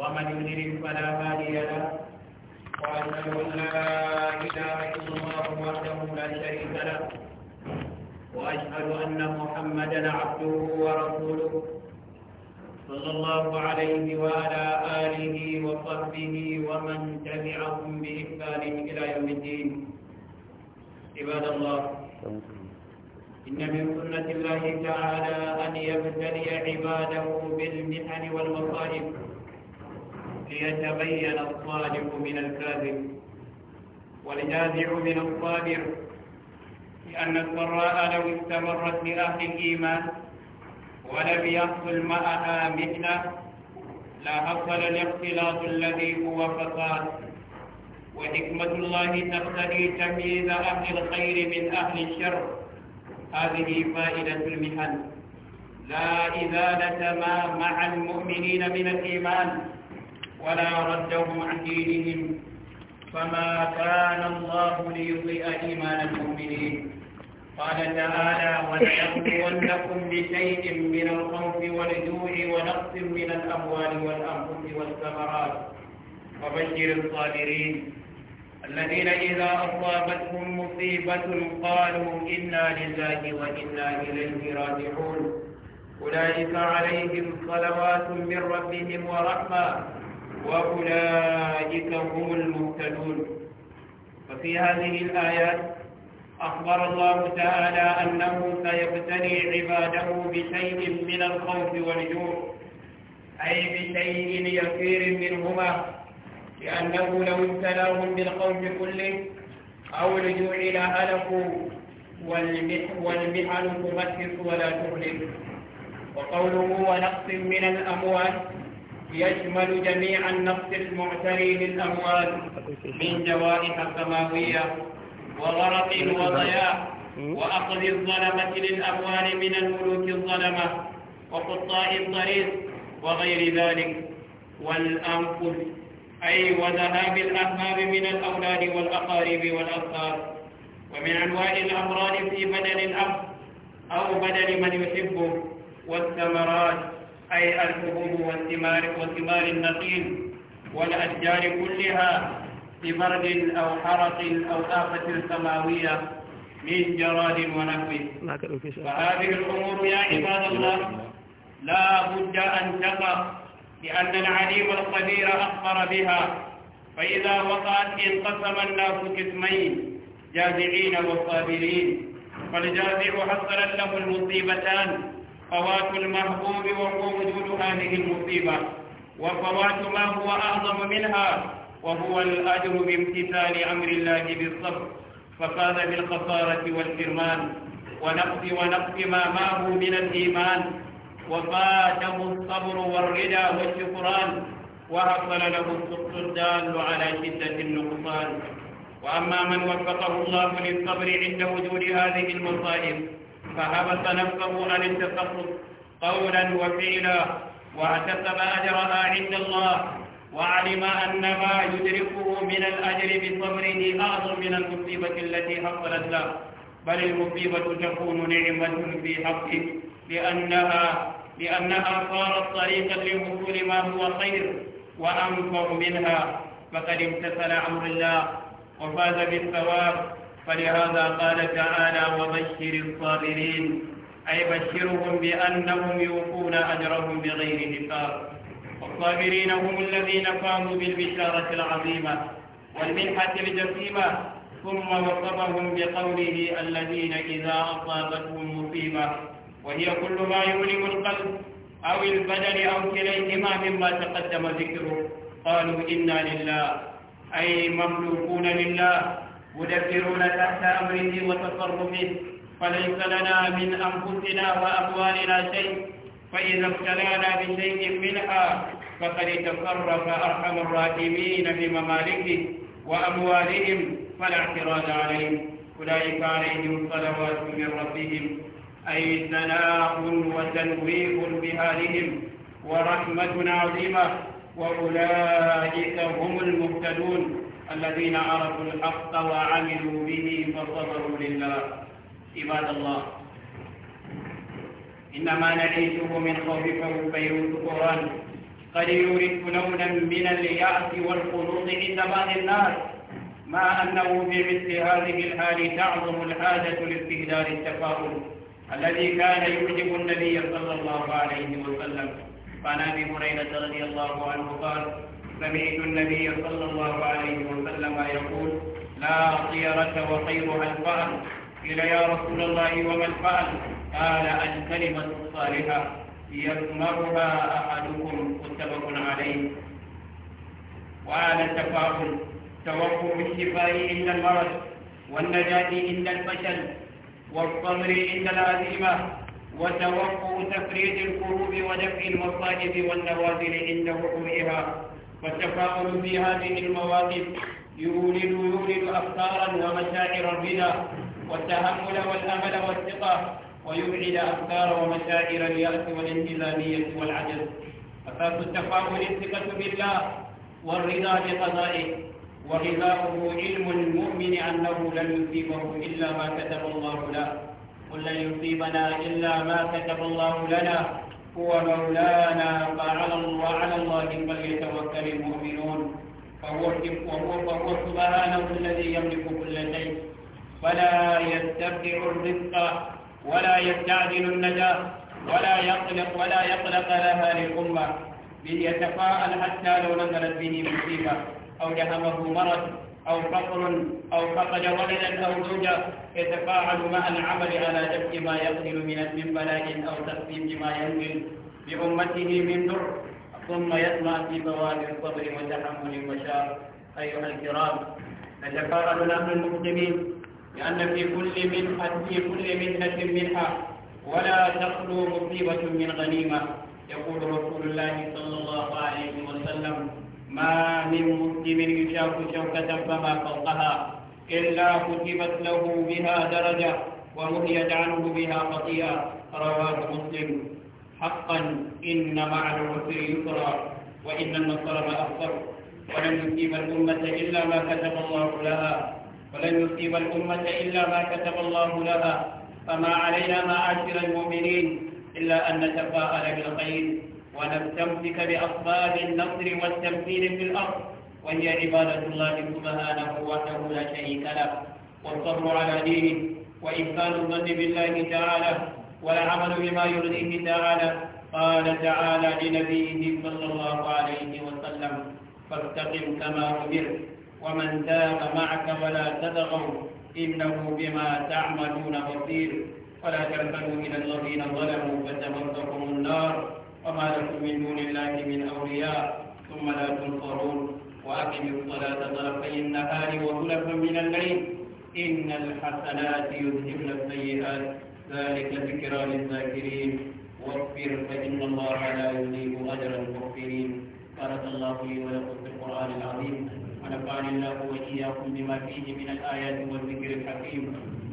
ومن يدرك فلا هادي له وأشهد أن لا إله إلا الله وحده لا شريك له وأشهد أن محمدا عبده ورسوله صلى الله عليه وعلى آله وصحبه ومن تبعهم بإحسان إلى يوم الدين عباد الله إن من سنة الله تعالى أن يبتلي عباده بالمحن والمصائب ليتبين الصادق من الكاذب والجازع من الصابر لأن الضراء لو استمرت لأهل الإيمان ولم يحصل معها مهنة لا حصل الاختلاط الذي هو فساد وحكمة الله تقتضي تمييز أهل الخير من أهل الشر هذه فائدة المحن لا إزالة ما مع المؤمنين من الإيمان ولا ردهم عن دينهم فما كان الله ليضيء إيمان المؤمنين قال تعالى ولنبلونكم بشيء من الخوف والجوع ونقص من الأموال والأنفس والثمرات وبشر الصابرين الذين إذا أصابتهم مصيبة قالوا إنا لله وإنا إليه راجعون أولئك عليهم صلوات من ربهم ورحمة وأولئك هم المهتدون وفي هذه الآيات أخبر الله تعالى أنه سيبتلي عباده بشيء من الخوف والجوع أي بشيء يسير منهما لأنه لو ابتلاهم بالخوف كله أو الجوع لهلكوا والمحن تمكث ولا تهلك وقوله ونقص من الأموال يشمل جميع النقص المعتري للأموال من جوائح سماوية وغرق وضياع وأخذ الظلمة للأموال من الملوك الظلمة وقطاع الطريق وغير ذلك والأنفس أي وذهاب الأهباب من الأولاد والأقارب والأصهار ومن أنواع الأمراض في بدن الأب أو بدن من يحبه والثمرات أي الفهوم والثمار وثمار النقيل والأشجار كلها ببرد أو حرق أو آفة سماوية من جراد ونحوه فهذه الأمور يا عباد الله لا بد أن تقع لأن العليم القدير أخبر بها فإذا وقعت انقسم الناس قسمين جازعين وصابرين فالجازع حصلت له المصيبتان فوات المحبوب وهو وجود هذه المصيبة وفوات ما هو أعظم منها وهو الأجر بامتثال أمر الله بالصبر فقال بالخسارة والحرمان ونقص ونقص ما معه من الإيمان وفاته الصبر والرضا والشكران وحصل له السقط الدال على شدة النقصان وأما من وفقه الله للصبر عند وجود هذه المصائب فحبس نفسه عن التسخط قولا وفعلا واحتسب اجرها عند الله وعلم ان ما يدركه من الاجر بصبره اعظم من المصيبه التي حصلت له بل المصيبه تكون نعمه في حقه لانها لانها صارت طريقا لوصول ما هو خير وانفع منها فقد امتثل امر الله وفاز بالثواب فلهذا قال تعالى وبشر الصابرين أي بشرهم بأنهم يوفون أجرهم بغير حساب والصابرين هم الذين قاموا بالبشارة العظيمة والمنحة الجسيمة ثم وصفهم بقوله الذين إذا أصابتهم مصيبة وهي كل ما يؤلم القلب أو البدن أو كليهما مما تقدم ذكره قالوا إنا لله أي مملوكون لله مدبرون تحت أمره وتصرفه فليس لنا من أنفسنا وأموالنا شيء فإذا ابتلانا بشيء منها فقد تصرف أرحم الراحمين بممالكه وأموالهم فلا اعتراض عليهم أولئك عليهم صلوات من ربهم أي ثناء وتنويه بهالهم ورحمة عظيمة وأولئك هم المهتدون الذين عرفوا الحق وعملوا به فصبروا لله عباد الله إنما نعيشه من خوفكم بيوت قرآن قد يورث لونا من اليأس والقنوط عند بعض الناس مع أنه في مثل هذه الحال تعظم الحاجة لاستهدار التفاؤل الذي كان يعجب النبي صلى الله عليه وسلم فعن أبي هريرة رضي الله عنه قال سمعت النبي صلى الله عليه وسلم يقول لا طيرة وخيرها الفأل قيل يا رسول الله وما الفأل قال الكلمة الصالحة يسمعها أحدكم متفق عليه وعلى التفاؤل توقف الشفاء عند المرض والنجاة عند الفشل والصبر عند العزيمة وتوقف تفريج القلوب ودفع المصائب والنوازل عند وقوعها والتفاؤل في هذه المواقف يولد يولد أفكارا ومشاعر الرضا والتهمل والأمل والثقة ويبعد أفكار ومشاعر اليأس والانهزامية والعجز أساس التفاؤل الثقة بالله والرضا بقضائه وغذاؤه علم المؤمن أنه لن يصيبه إلا ما كتب الله له قل لن يصيبنا إلا ما كتب الله لنا هو مولانا فعلى وعلى الله فليتوكل المؤمنون فهو فهو سبحانه الذي يملك كل شيء فلا يستبدع الرزق ولا يستعجل النجاة ولا يقلق ولا يقلق لها للأمة بل يتفاءل حتى لو نزلت به مصيبة أو دهمه مرض أو فقر أو فقد ولدا أو زوجا يتفاعل مع العمل على دفع ما يقتل من من بلاء أو تخفيف ما ينزل بأمته من در ثم يطمع في بوابة الصبر وتحمل المشاق أيها الكرام نتفاعل نحن المسلمين لأن في كل من في كل منحة منحة ولا تخلو مصيبة من غنيمة يقول رسول الله صلى ما من مسلم يشاق شوكة فما فوقها إلا كتبت له بها درجة ومهيت عنه بها خطيئة رواه مسلم حقا إن مع العسر يسرا وإن النصر ما أخطر ولن يصيب الأمة إلا ما كتب الله لها ولن يصيب الأمة إلا ما كتب الله لها فما علينا معاشر المؤمنين إلا أن نتفاءل بالخير ونستمسك بأسباب النصر والتمكين في الأرض وهي عبادة الله سبحانه وحده لا شريك له والصبر على دينه وإحسان الظن بالله تعالى والعمل بما يرضيه تعالى قال تعالى لنبيه صلى الله عليه وسلم فاستقم كما أمرت ومن تاب معك ولا تدغوا إنه بما تعملون بصير ولا تركنوا إلى الذين ظلموا فتمسكم النار فما لكم من دون الله من أولياء ثم لا تنصرون وأقم الصلاة طرفي النهار وزلفا من الليل إن الحسنات يذهبن السيئات ذلك ذكرى للذاكرين واصبر فإن الله لا يذيب أجر المغفرين بارك الله لي ولكم في القرآن العظيم ونفعني الله وإياكم بما فيه من الآيات والذكر الحكيم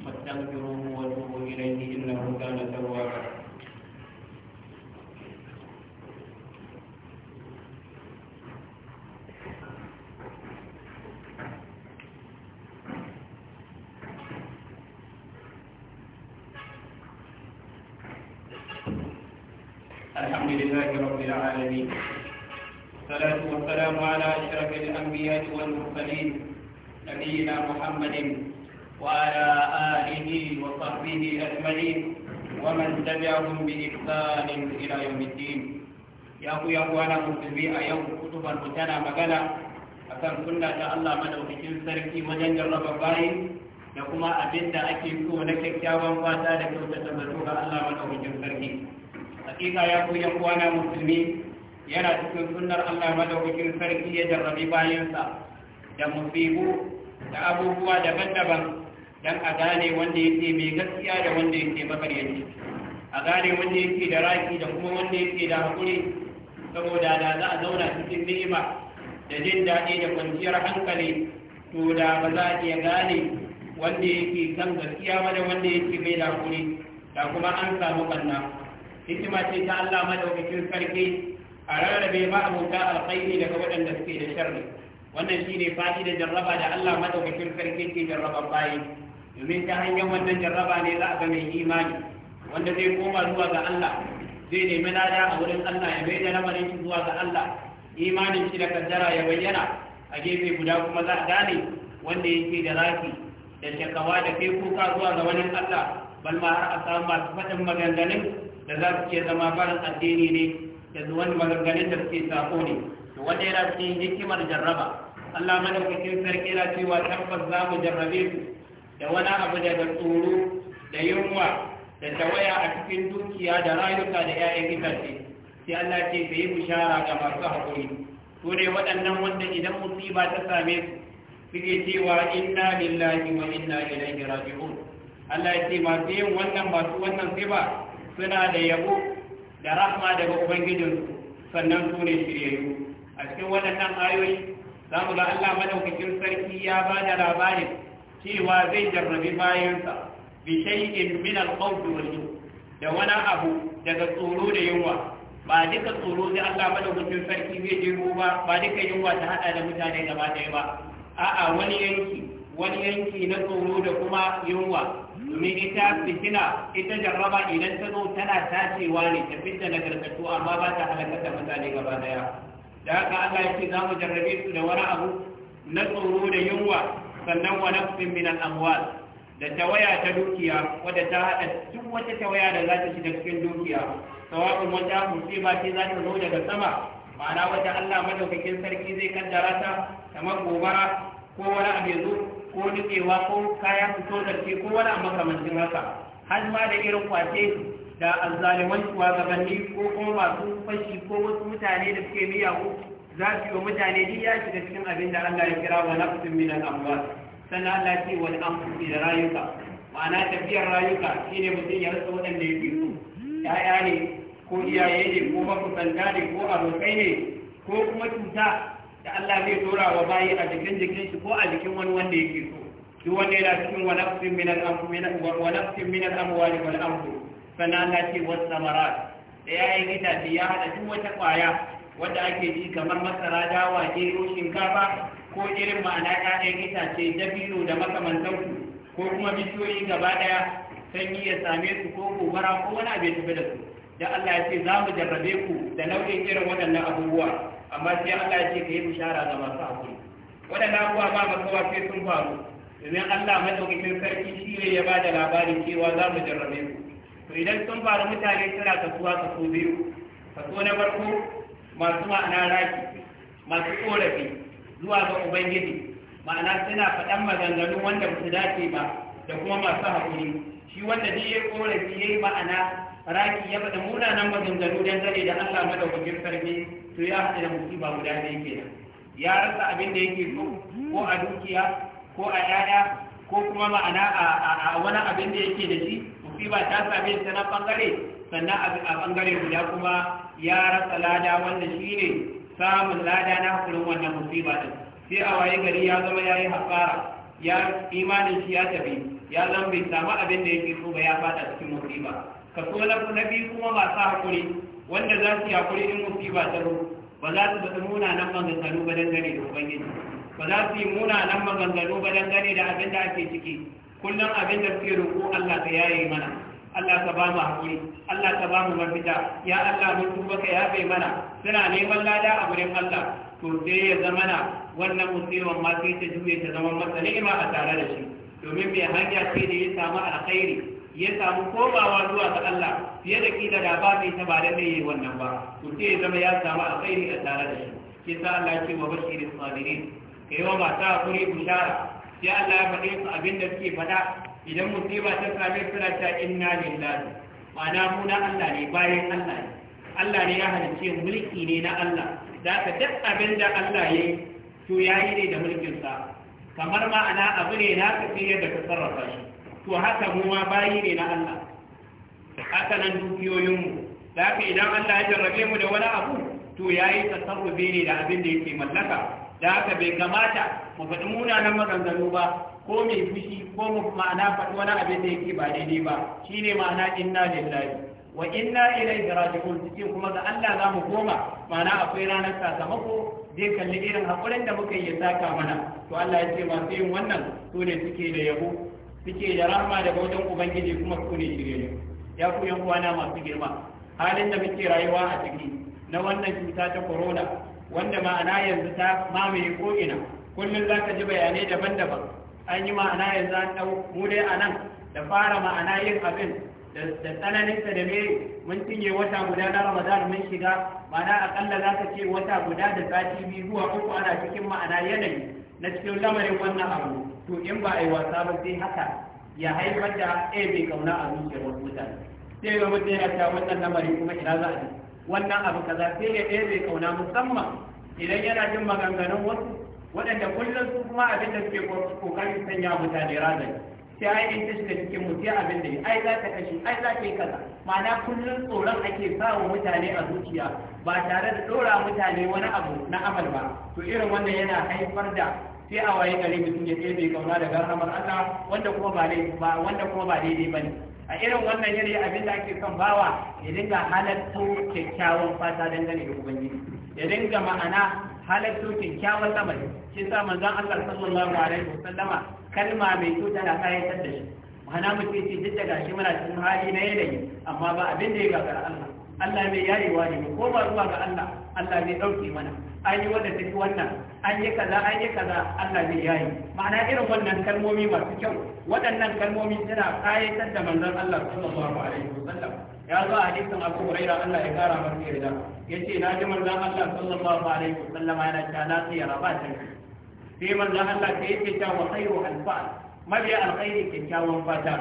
فاستغفروه وتوبوا إليه إنه كان توابا ku yan na musulmi a yau kutubar mu tana magana a kan kunna ta Allah madaukakin sarki wajen jarraba bayi da kuma abin da ake so na kyakkyawan fata da kyautata zato ga Allah madaukakin sarki hakika ya ku yan na musulmi yana cikin sunnar Allah madaukakin sarki ya jarrabi bayansa da musibu da abubuwa daban-daban dan a gane wanda ya ce mai gaskiya da wanda ya yake makaryaci a gane wanda yake da raki da kuma wanda yake da hakuri saboda da za a zauna cikin ni'ima da jin daɗi da kwanciyar hankali to da ba za a iya gane wanda yake kan gaskiya ba da wanda yake bai da da kuma an samu banna hikima ce ta Allah madaukakin sarki a rarrabe ma abota alkhairi daga waɗanda suke da sharri wannan shine fa'idar jarraba da Allah madaukakin sarki ke jarraba bayi domin ta hanyar wannan jarraba ne za a ga mai imani wanda zai koma zuwa ga Allah zai nemi lada a wurin Allah ya bayyana lamarin shi zuwa ga Allah imanin shi da kaddara ya bayyana a gefe guda kuma za a gane wanda yake da rafi da shakawa da kai kuka zuwa ga wani Allah bal ma har a samu masu fadin maganganun da za su ke zama farin addini ne da wani maganganun da suke sako ne to wanda yana cikin hikimar jarraba Allah madaukakin sarki yana cewa tabbas za mu jarrabe su da wani abu daga tsoro da yunwa da tawaya a cikin dukiya da rayuka da 'ya'yan itace sai Allah ce bai yi bishara ga masu haƙuri to dai waɗannan wanda idan musiba ta same su suke cewa inna lillahi wa inna ilaihi raji'un Allah ya ce masu yin wannan masu wannan siba suna da yabo da rahma daga ubangijin sannan su ne shiryayyu a cikin waɗannan ayoyi za mu ga Allah madaukakin sarki ya ba da labarin cewa zai jarrabi bayansa bi shay'in min al-khawf wal da wani abu daga tsoro da yunwa ba duka tsoro da Allah madaukakin sarki zai jiro ba ba duka yunwa ta hada da mutane gaba ɗaya ba a'a wani yanki wani yanki na tsoro da kuma yunwa domin ita fitina ita jarraba idan ta zo tana tacewa ne ta fitta na karkatu amma ba ta halakar da mutane gaba daya da haka Allah ya ce za mu jarrabe su da wani abu na tsoro da yunwa sannan wa nafsin min al-amwal da tawaya ta dukiya wadda ta haɗa duk wata tawaya da za ta shiga cikin dukiya sawa'un wata ba ce za ta zo daga sama ma'ana wata Allah madaukakin sarki zai kaddara ta kamar gobara ko wani abu yanzu ko nutsewa ko kaya fito da ko wani abu makamancin haka har ma da irin kwace da azzaliman shugabanni ko kuma masu fashi ko wasu mutane da suke miyagu za su yi wa mutane duk ya shiga cikin abin da Allah ya kira wa nafsin minan Sana lati ce wal amfi da rayuka ma'ana tafiyar rayuka shine mutum ya rasa waɗanda ya fi su ya'ya ne ko iyaye ne ko makusanta ne ko abokai ne ko kuma cuta da Allah zai dora wa bayi a jikin jikin shi ko a jikin wani wanda yake so duk wanda yana cikin wa nafsin min al-amwali wa wani min al-amwali wal amfi sannan Allah ce wasu samarat da yayin da ya hada duk wata ƙwaya wanda ake ji kamar masara dawa gero shinkafa ko irin ma'ana ƴaƴan itace dabino da makamantansu ko kuma bishiyoyi gaba ɗaya sanyi ya same su ko gobara ko wani abu ya tafi da su da Allah ya ce za mu jarrabe ku da nau'in irin waɗannan abubuwa amma sai Allah ya ce ka yi bishara ga masu hakuri waɗannan abubuwa ba makawa sai sun faru domin Allah madaukakin sarki shi ne ya ba da labarin cewa za mu jarrabe ku to idan sun faru mutane suna kasuwa kaso biyu kaso na farko masu ma'ana raki masu ƙorafi. zuwa ga ubangiji ma'ana suna faɗan maganganu wanda ba su dace ba da kuma masu haƙuri shi wanda duk ya korafi ya yi ma'ana raki ya faɗa munanan maganganu don zane da allah da wajen sarki to ya haɗa da musiba guda ɗaya nan. ya rasa abin da yake so ko a dukiya ko a 'ya'ya ko kuma ma'ana a wani abin da yake da shi musiba ta same ta na bangare sannan a bangare guda kuma ya rasa lada wanda shi ne samun lada na hakurin wannan musiba din sai a waye gari ya zama ya yi haƙara. ya imanin shi ya tafi ya zama bai samu abin da yake so ba ya fada cikin musiba so na biyu kuma masu hakuri wanda za su yi hakuri in musiba ta zo ba za su muna nan maganganu ba dangane da ubangiji ba za su yi muna nan maganganu ba dangane da abin da ake ciki kullum abin da suke roƙo Allah ka yaye mana Allah ta ba mu haƙuri Allah ka ba mu mafita ya Allah mun tuba ka ya bai mana suna neman lada a gurin Allah to sai ya zama na wannan musibar ma sai ta juye ta zama masa ni'ima a tare da shi domin mai hanya ce da ya samu alkhairi ya samu komawa zuwa ga Allah fiye da kila da ba mai taba da mai wannan ba to sai ya zama ya samu alkhairi a tare da shi ke sa Allah ce wa bashirin sabirin kai wa mata hakuri bishara sai Allah ya faɗe su abin da suke faɗa idan musiba ta same suna ta inna lillahi ma'ana mu na Allah ne bayan Allah ne Allah ne ya halice mulki ne na Allah da ka duk abin da Allah ya yi to ya yi ne da mulkin sa kamar ma'ana abu ne na ka yadda ka sarrafa shi to haka mu ma bayi ne na Allah haka nan dukiyoyin mu da ka idan Allah ya jarrabe mu da wani abu to ya yi tasarrufi ne da abin da yake mallaka da haka bai kamata mu faɗi munanan maganganu ba ko mai fushi ko ma'ana faɗi wani abin da yake ba daidai ba shine ma'ana inna lillahi wa inna ilaihi raji'un suke kuma ga Allah za mu koma ma'ana akwai ranar sakamako zai kalli irin haƙurin da muka yi saka mana to Allah ya ce masu yin wannan su ne suke da yabo suke da rahama daga wajen ubangiji kuma su ne shiryayyu ya ku yan kwana masu girma halin da muke rayuwa a ciki na wannan cuta ta corona wanda ma'ana yanzu ta mamaye ko'ina. ina kullum za ka ji bayanai daban-daban an yi ma'ana yanzu an ɗau mu dai a nan da fara ma'ana yin abin da tsananinsa da mai mun cinye wata guda na ramadan mun shiga ma'ana akalla za ka ce wata guda da sati biyu zuwa uku ana cikin ma'ana yanayi na cikin lamarin wannan abu to in ba a yi wasa ba sai haka ya haifar da ɗaya eh, bai kauna a zuciyar wasu mutane sai ga mutum ya ta wannan lamarin kuma ina za a yi wannan abu kaza sai ya ɗaya eh, bai kauna musamman idan yana jin maganganun wasu waɗanda kullum su kuma abin da suke kokarin sanya mutane razani sai ai in ta shiga cikin mu sai abin da ai za ta kashi ai za ta yi kaza ma'ana kullum tsoron ake wa mutane a zuciya ba tare da ɗora mutane wani abu na amal ba to irin wannan yana haifar da sai a waye gari mutum ya bai kauna daga rahamar Allah wanda kuma ba ba wanda kuma ba daidai bane a irin wannan yanayi abin da ake son bawa ya dinga halatta kyakkyawan fata dangane da ubangiji ya dinga ma'ana halatto kyakkyawan lamari shi sa manzon Allah sallallahu alaihi wasallama kalma mai kyau tana kayatar da shi ma'ana mutum ce duk da gashi muna cikin hali na yanayi amma ba abin da ya gagara Allah Allah mai wa ne ko ba zuwa ga Allah Allah mai dauki mana an yi wanda take wannan an yi kaza an yi kaza Allah mai yayi ma'ana irin wannan kalmomi masu kyau waɗannan kalmomi suna kayatar da manzon Allah sallallahu alaihi wasallam ya zo a hadisin Abu Huraira Allah ya kara masa yarda yace na ji manzon Allah sallallahu alaihi wasallama yana cewa la tsira ba ta sai manzon Allah sai yake cewa khairu alfa'al mabiya alkhairi kyakkyawan fata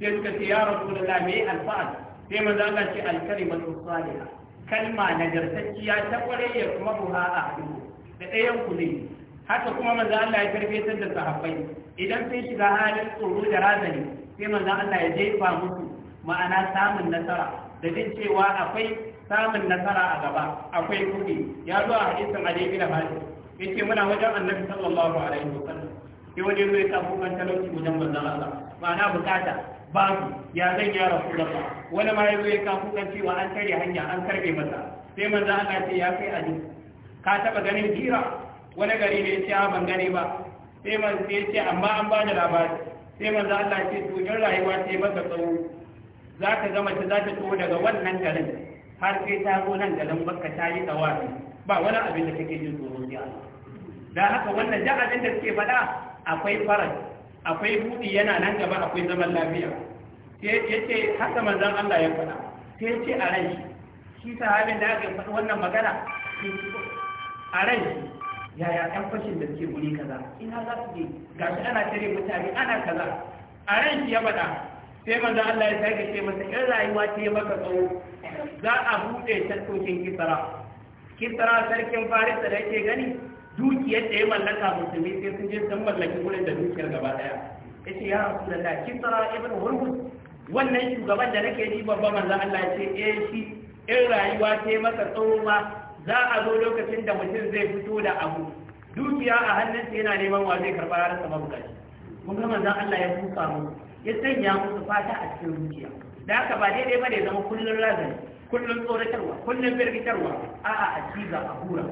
sai suka ce ya rasulullah me alfa'al sai manzon Allah ce alkalimatu salihah kalma nagartacciya ta kware ya kuma buha a hadu da ɗayan ku ne haka kuma manzon Allah ya karfe da sahabbai idan sai shiga halin tsoro da razani sai manzon Allah ya jefa musu ma'ana samun nasara da jin cewa akwai samun nasara a gaba akwai kudi ya zuwa a hadisin Ali da Hajji yace muna wajen Annabi sallallahu alaihi wa sallam ke waje zai samu kan talauci wajen manzon Allah ma'ana bukata babu ya zan ya ba wani ma ya zo ya kafu kan cewa an tare hanya an karbe masa sai manzon Allah ce ya kai Ali ka taba ganin jira wani gari ne ya ce ban gani ba sai man sai ce amma an ba da labari sai manzo Allah ce to in rayuwa ce masa tsawo za ka ga mace za ta tuwo daga wannan garin har sai ta zo nan garin baka ta yi tsawafi ba wani abin da take jin tsoro ya? da haka wannan da abin da suke faɗa akwai faras akwai buɗi yana nan gaba akwai zaman lafiya sai ce haka manzon Allah ya faɗa sai ce a ran shi shi sahabin da aka faɗi wannan magana a ran shi yaya ɗan fashin da suke guri kaza ina za su je shi ana tare mutane ana kaza a ran shi ya faɗa sai manzo Allah ya sake ce masa in rayuwa ce maka tsawo za a buɗe taskokin kisara kisara sarkin faris da yake gani dukiyar da ya mallaka musulmi sai sun je sun mallaki wurin da dukiyar gaba daya yace ya rasulullah kisara ibn hurmus wannan shugaban da nake ji babban manzo Allah ya ce eh shi in rayuwa ce maka tsawo ma za a zo lokacin da mutum zai fito da abu dukiya a hannunsa yana neman wa zai karɓa har sama bukaci mun ga manzo Allah ya buka mu ya sanya musu fata a cikin zuciya da haka ba daidai ba ne zama kullum lazari kullum tsoratarwa kullum birgitarwa a'a a ciza a hura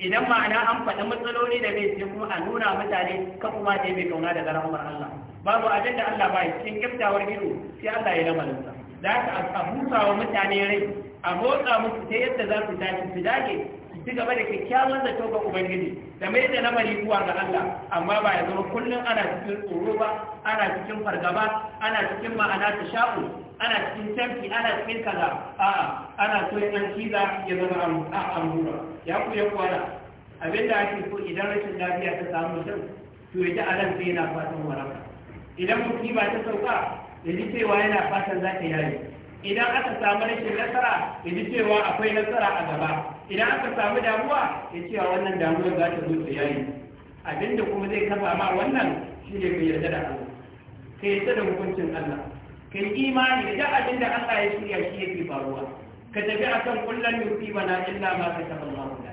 idan ma'ana an faɗi matsaloli da mai sai kuma a nuna mutane kan kuma da mai kauna daga rahmar Allah babu abin da Allah baya. cikin kyaftawar ido sai Allah ya lamarin sa da haka a busa wa mutane rai a motsa musu ta yadda za su tashi su dage ci gaba da kyakkyawan zato ga ubangiji da mai da lamari kuwa ga Allah amma ba ya zama kullum ana cikin tsoro ba ana cikin fargaba ana cikin ma'ana ta sha'u ana cikin tamfi ana cikin kaza a'a ana so yan kiza ya zama amura ya ku ya kwana abinda ake so idan rashin lafiya ta samu mutum to ya ji alam sai yana fatan waraka idan ba ta sauka ya ji cewa yana fatan za ta yaye idan aka samu rashin nasara ya ji cewa akwai nasara a gaba idan aka samu damuwa ya cewa wannan damuwar za ta zo ta yayi abinda kuma zai kafa ma wannan shi ne ka yarda da Allah ka yarda da hukuncin Allah ka yi imani da abinda Allah ya shirya shi yake faruwa ka tafi akan kullum yusiba na illa ma ka taɓa mawuda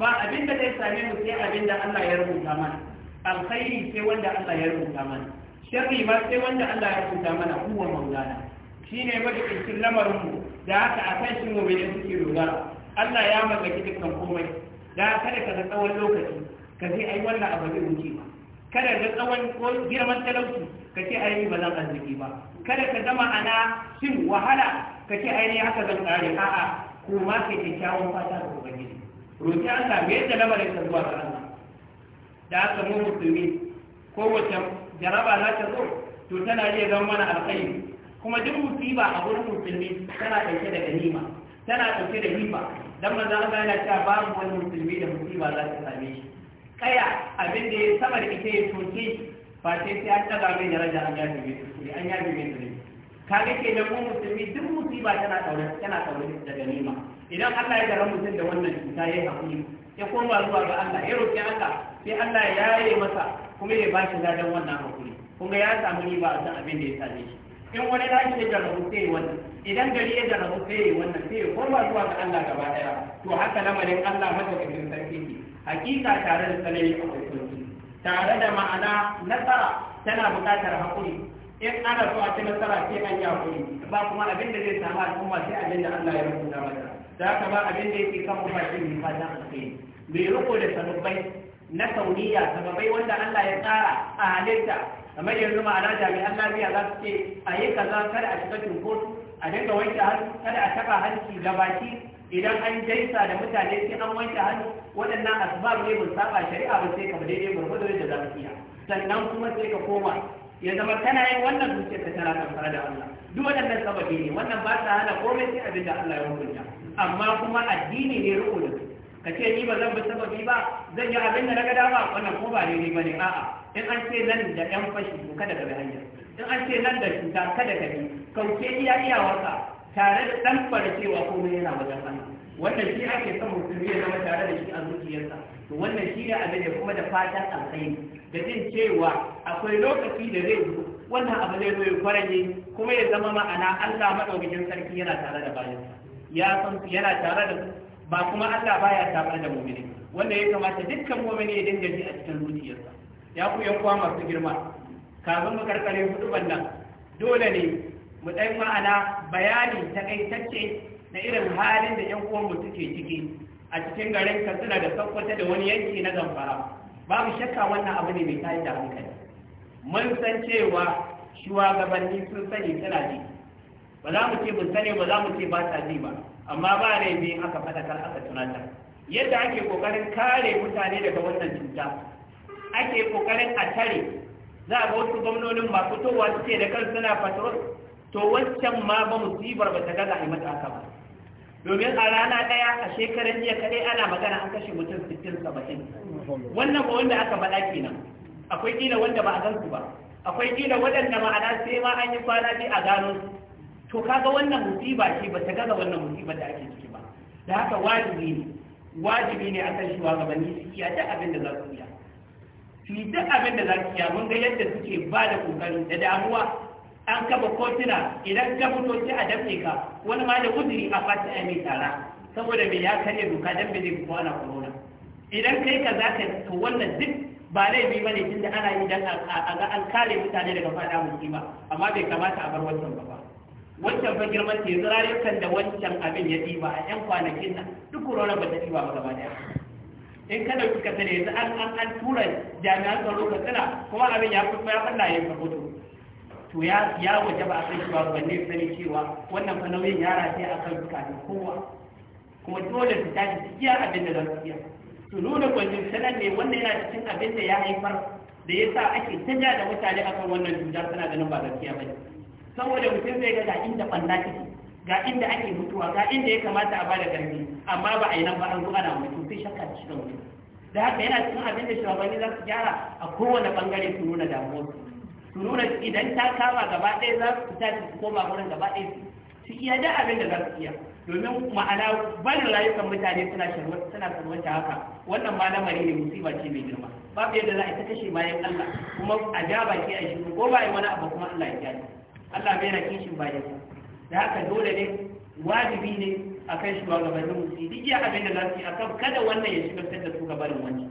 ba abinda zai same mu sai abinda Allah ya rubuta mana alkhairi sai wanda Allah ya rubuta mana sharri ma sai wanda Allah ya rubuta mana huwa maulana shine madaukakin lamarinmu da haka a kan shi mu'mini suke dogara Allah ya mallaki dukkan komai da kada ka ga tsawon lokaci ka ce ai wannan abu zai wuce ba kada ka tsawon girman talauci ka ce ai ba zan arziki ba kada ka zama ana shin wahala ka ce ai ne haka zan tsare a'a ko ma kai kyakkyawan fata da ubangiji roki Allah me yadda lamarin ka zuwa ga Allah da haka mu musulmi kowace jaraba za ta zo to tana iya zama mana alkhairi kuma duk musiba a wurin musulmi tana ɗauke da ganima tana ɗauke da riba don maza Allah yana cewa babu wani musulmi da musiba za ta same shi kaya abin da ya sama da ita ya soke ba sai sai an daga mai daraja an yaji mai kuskure an yaji mai kuskure kaga ke da mu musulmi duk musiba tana ɗaure tana ɗaure da ganima idan Allah ya gara mutum da wannan cuta ya hakuri ya koma zuwa ga Allah ya roƙi Allah sai Allah ya yaye masa kuma ya ba shi gadon wannan hakuri kuma ya samu riba a san abin da ya same shi in wani ɗaki ya jarrabu sai wannan idan gari ya jarrabu sai wannan sai koma zuwa ga Allah gaba ɗaya to haka lamarin Allah madaukakin sarki ne hakika tare da tsanani a sauki tare da ma'ana nasara tana buƙatar haƙuri in ana so a ci nasara sai an yi haƙuri ba kuma abin da zai samu al'umma sai abin da Allah ya rubuta mata za ka ba abin da yake kan mafashin mai fatan alkhairi bai riko da sanubai na sauniya sababai wanda Allah ya tsara a halitta kamar yanzu ma'ana jami'an lafiya za su ce a yi kaza kada a shiga cunkoso a dinga wanke hannu kada a taba hanci da baki idan an jaisa da mutane sai an wanke hannu waɗannan asbab ne mun saba shari'a ba sai ka daidai gurgudu da za su iya sannan kuma sai ka koma ya zama kana yin wannan zuciyar ta tana kamfara da Allah duk waɗannan sababi ne wannan ba ta hana komai sai abin da Allah ya hukunta amma kuma addini ne rukunin ka ce ni ba zan bi sababi ba zan yi abin da na gada ba? wannan ko ba daidai ba ne a'a in an ce nan da yan fashi to kada ka bi hanya in an ce nan da cuta kada ka bi kauce iya iyawarka tare da dan farcewa komai yana wajen Allah wannan shi ake son mutum ya zama tare da shi a zuciyarsa to wannan shi ne abin da kuma da fatan alkhairi da jin cewa akwai lokaci da zai zo wannan abu zai zo ya kwarage kuma ya zama ma'ana Allah madaukakin sarki yana tare da bayansa ya san yana tare da su ba kuma Allah baya tabar da mu'mini wanda ya kamata dukkan mu'mini ya dinga ji a cikin zuciyarsa ya ku yan kwa masu girma kafin mu karkare hudu nan dole ne mu dai ma'ana bayani ta kai takaitacce na irin halin da yan uwan mu suke ciki a cikin garin Katsina da Sokoto da wani yanki na Zamfara babu shakka wannan abu ne mai tashi da hankali mun san cewa shugabanni sun sani suna ba za mu ce mun sani ba za mu ce ba ta ji ba amma ba laifi aka faɗakar aka tunatar yadda ake kokarin kare mutane daga wannan cuta ake kokarin a tare za ga wasu gwamnonin ba fitowa suke da kan suna fatrol to wancan ma ba musibar ba ta gaza a mata aka ba domin a rana ɗaya a shekaran jiya kaɗai ana magana an kashe mutum sittin saba'in wannan ba wanda aka faɗa kenan akwai kila wanda ba a gansu ba akwai kila waɗanda ma'ana sai ma an yi kwana biyu a gano su to kaga wannan musiba ce ba ta gaza wannan musiba da ake ciki ba da haka wajibi ne wajibi ne a akan gaban su iya duk abin da za su iya su yi duk abin da za su iya mun ga yadda suke ba da kokari da damuwa an kafa kotuna idan ka fito sai a dafe ka wani ma da guduri a fata ya mai tsara saboda mai ya karya doka dan bai zai fito kuma corona idan kai ka za ka to wannan duk ba laifi ba ne tunda ana yi dan a ga an kare mutane daga fada musiba amma bai kamata a bar wannan ba wancan fa girman ce, yanzu da wancan abin ya ɗiba a ƴan kwanakin nan duk corona ba ta ɗiba ba gaba ɗaya in ka ɗauki ka tare yanzu an an an tura jami'an tsaro ka tsira kuma abin ya kuma ya falla ya farko to ya ya waje ba a san cewa ba ne sani cewa wannan fa nauyin yara sai a kan ne kowa kuma dole su tashi su iya abin da za su iya to nuna gwajin sanar ne wanda yana cikin abin da ya haifar da ya sa ake ta da mutane akan wannan cutar suna ganin ba gaskiya ba ne saboda mutum zai ga inda ɓanna ciki, ga inda ake mutuwa ga inda ya kamata a bada garbi amma ba a yi nan ba an zuwa ana mutu sai shakka da shiga mutum da haka yana cikin abin da shugabanni za su gyara a kowane bangare su nuna damuwar su nuna idan ta kama gaba ɗaya za su fita su koma wurin gaba ɗaya su iya da abin da za su iya domin ma'ana barin rayukan mutane suna suna haka wannan ma lamari ne musiba ce mai girma babu yadda za a ta kashe bayan Allah kuma a ja baki a shi ko ba wani abu kuma Allah ya gyara Allah bai na kishin ba da haka dole ne wajibi ne kai shugabannin musu duk ya abin da za su yi kada wannan ya shigar da su gabarin wani.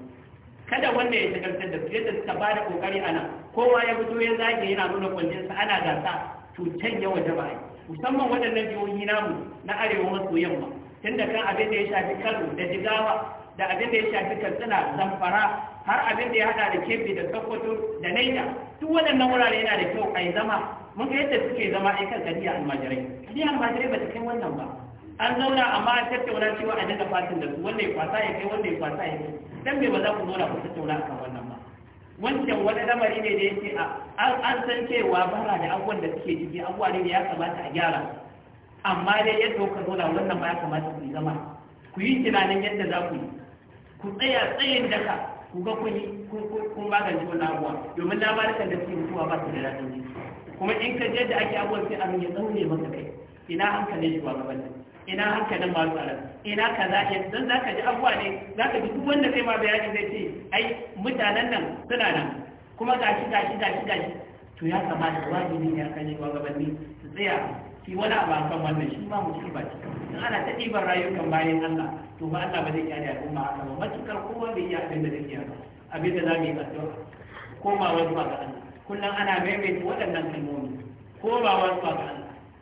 kada wannan ya shigar da su yadda suka ba da kokari ana kowa ya fito ya zage yana nuna kwanjinsa ana gasa cutar yawa jama'a musamman waɗannan jihohi namu na arewa maso yamma tun da kan abin da ya shafi kano da jigawa da abin da ya shafi katsina zamfara har abin da ya haɗa da kebbi da sokoto da naija duk waɗannan wurare yana da kyau a yi zama mun ga yadda suke zama ai kan kadiya almajirai kadiya almajirai ba ta kai wannan ba an zauna amma an tattauna cewa a daga fatin da su wanda ya kwasa ya kai wanda ya kwasa ya kai dan me ba za ku zauna ku tattauna akan wannan ba wancan wani lamari ne da yake a an san cewa bara da abubuwan da suke ciki abubuwa ne da ya kamata a gyara amma dai yadda kuka zauna wannan ba ya kamata ku yi zama ku yi tunanin yadda za ku yi ku tsaya tsayin daka ku ga kun yi kun magance wannan abubuwa, domin labarukan da suke mutuwa ba su da daɗin kuma in ka je da ake abuwan sai abin ya daure maka kai ina hankalin shi ba ne? ina hankalin masu tsaron ina ka za a don za ka ji abuwa ne za ka ji duk wanda kai ma bayani zai ce ai mutanen nan suna nan kuma gashi gashi gashi gashi to ya kamata wajibi ne akan yi ne. su tsaya shi wani abu a kan wannan shi ma mutum ba ce in ana ta ɗiban rayukan bayan Allah to ba Allah ba zai kyale al'umma haka ba matukar kowa bai yi abin da zai yi abin da za mu yi addu'a wani ba ga Allah kullum ana maimaita waɗannan kalmomi ko ba wasu ba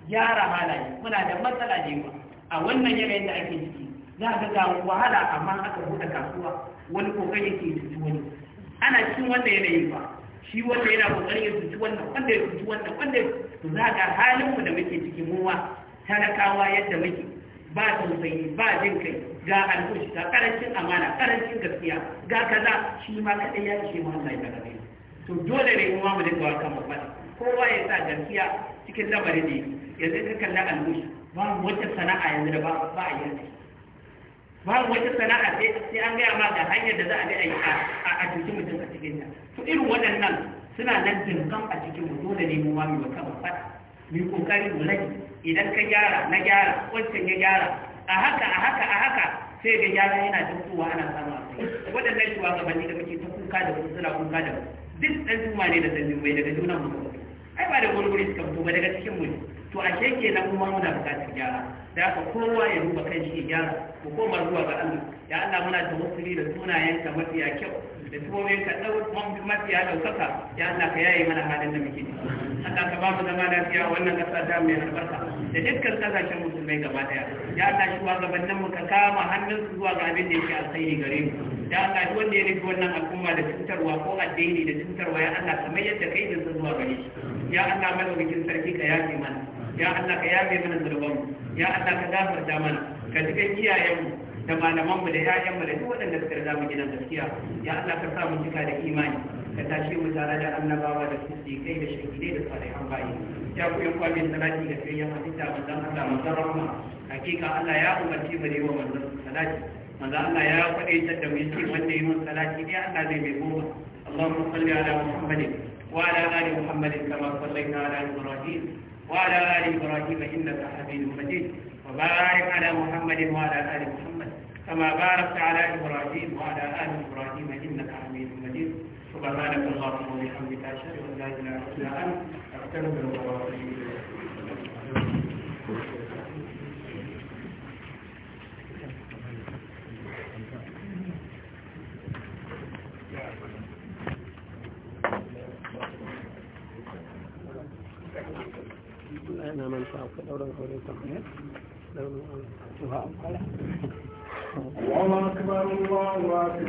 gyara halaye muna da matsala ne ba a wannan yanayin da ake ciki za ka ga wahala amma aka buɗe kasuwa wani kokari ke cuci wani ana cikin wannan yanayi ba shi wanda yana kokarin ya cuci wannan wanda ya cuci wannan wanda ya za ga halin mu da muke ciki ma talakawa yadda muke ba tausayi ba jin kai ga alƙushi ga karancin amana karancin gaskiya ga kaza shi ma kaɗai ya ce ma Allah ya gaba to dole ne kuma mu dinga wakan mu kowa ya sa gaskiya cikin lamarin ne yanzu ka kalla al'ush ba wata sana'a yanzu da ba ba a yanzu ba wata sana'a sai an gaya ma ga hanyar da za a bi a yi a cikin mutum a cikin nan. to irin waɗannan suna nan dinkan a cikin mu dole ne mu ma mu wakan mu fada mu yi kokari mu rage idan ka gyara na gyara wancan ya gyara a haka a haka a haka sai ga gyara yana tsuwa ana samu a kai waɗannan shugabanni da muke ta kuka da wasu suna kuka da wasu duk ɗan juma ne da ɗan mai daga juna mutum ai ba da gurguri suka fito ba daga cikin mu to ke na kuma muna bukatar gyara da aka kowa ya duba kan shi gyara ku koma zuwa ga Allah ya Allah muna da wasuli da sunayen ka mafiya kyau da tuwoyin ka ɗaukar mafiya ɗaukaka ya Allah ka yayi mana halin da muke Allah ka ba mu zama lafiya wannan kasa da mai albarka da dukkan ƙasashen musulmai gaba daya ya Allah shi gabanin mu ka kama hannun su zuwa ga abin da yake alkhairi gare mu ya Allah shi wanda ya nufi wannan al'umma da cutarwa ko addini da cutarwa ya Allah kamar yadda kai da zuwa gare shi ya Allah madaukakin sarki ka yafi mana ya Allah ka yabe mana zurbanmu ya Allah ka da mana ka ji kan iyayenmu da mu da mu da duk waɗanda suka riga mu gidan gaskiya ya Allah ka sa mu cika da imani ka tashi mu tare da annabawa da kai da shahidai da salihan bayi ya ku yan kwamin salati da sai ya hadita dan Allah mu rahma hakika Allah ya umarci mu da yawa manzon salati manzon Allah ya ta da mu yi wanda yi mun salati dai Allah zai mai goma Allahumma salli ala Muhammadin وعلى آل محمد كما صليت على إبراهيم وعلى آل إبراهيم إنك حميد مجيد وبارك على محمد وعلى آل محمد كما باركت على إبراهيم وعلى آل إبراهيم إنك حميد مجيد سبحانك اللهم وبحمدك أشهد أن لا إله إلا أنت أستغفرك وأتوب إليك Nah, Allah yana manta akwai ɗauran aure ta ɗauran aure